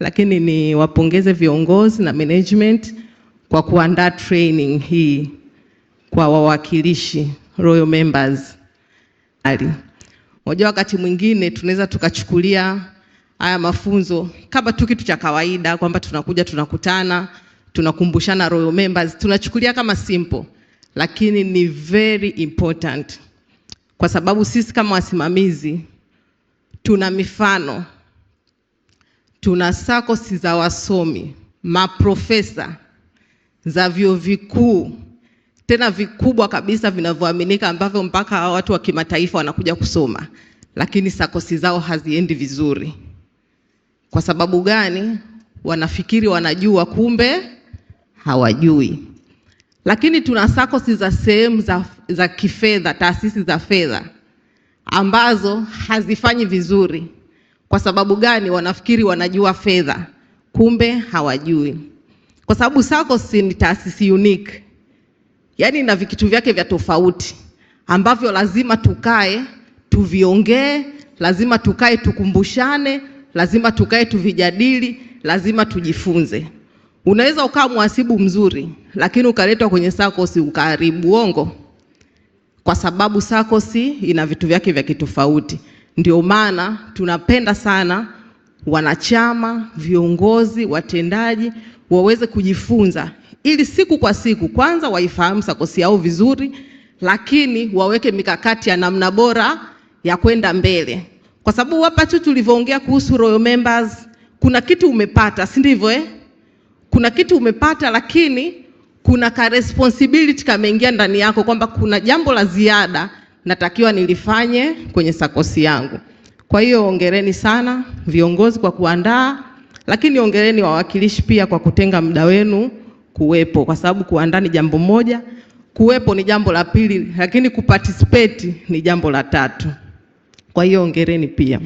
lakini ni wapongeze viongozi na management kwa kuandaa training hii kwa wawakilishi royal members. Ali moja, wakati mwingine tunaweza tukachukulia haya mafunzo kama tu kitu cha kawaida kwamba tunakuja tunakutana tunakumbushana royal members, tunachukulia kama simple, lakini ni very important kwa sababu sisi kama wasimamizi tuna mifano tuna SACCOS za wasomi, maprofesa, za vyuo vikuu tena vikubwa kabisa vinavyoaminika ambavyo mpaka watu wa kimataifa wanakuja kusoma, lakini SACCOS zao haziendi vizuri. Kwa sababu gani? Wanafikiri wanajua, kumbe hawajui. Lakini tuna SACCOS za sehemu za, za kifedha, taasisi za fedha ambazo hazifanyi vizuri. Kwa sababu gani? Wanafikiri wanajua fedha, kumbe hawajui, kwa sababu SACCOS ni taasisi unique, yaani ina vikitu vyake vya tofauti ambavyo lazima tukae tuviongee, lazima tukae tukumbushane, lazima tukae tuvijadili, lazima tujifunze. Unaweza ukawa mhasibu mzuri, lakini ukaletwa kwenye SACCOS ukaharibu. Uongo, kwa sababu SACCOS ina vitu vyake vya kitofauti. Ndio maana tunapenda sana wanachama, viongozi, watendaji waweze kujifunza ili siku kwa siku kwanza waifahamu SACCOS yao vizuri, lakini waweke mikakati ya namna bora ya kwenda mbele, kwa sababu hapa tu tulivyoongea kuhusu royal members, kuna kitu umepata, si ndivyo eh? Kuna kitu umepata, lakini kuna ka responsibility kameingia ndani yako kwamba kuna jambo la ziada natakiwa nilifanye kwenye sakosi yangu. Kwa hiyo ongereni sana viongozi kwa kuandaa, lakini ongereni wawakilishi pia kwa kutenga muda wenu kuwepo, kwa sababu kuandaa ni jambo moja, kuwepo ni jambo la pili, lakini kuparticipate ni jambo la tatu. Kwa hiyo ongereni pia.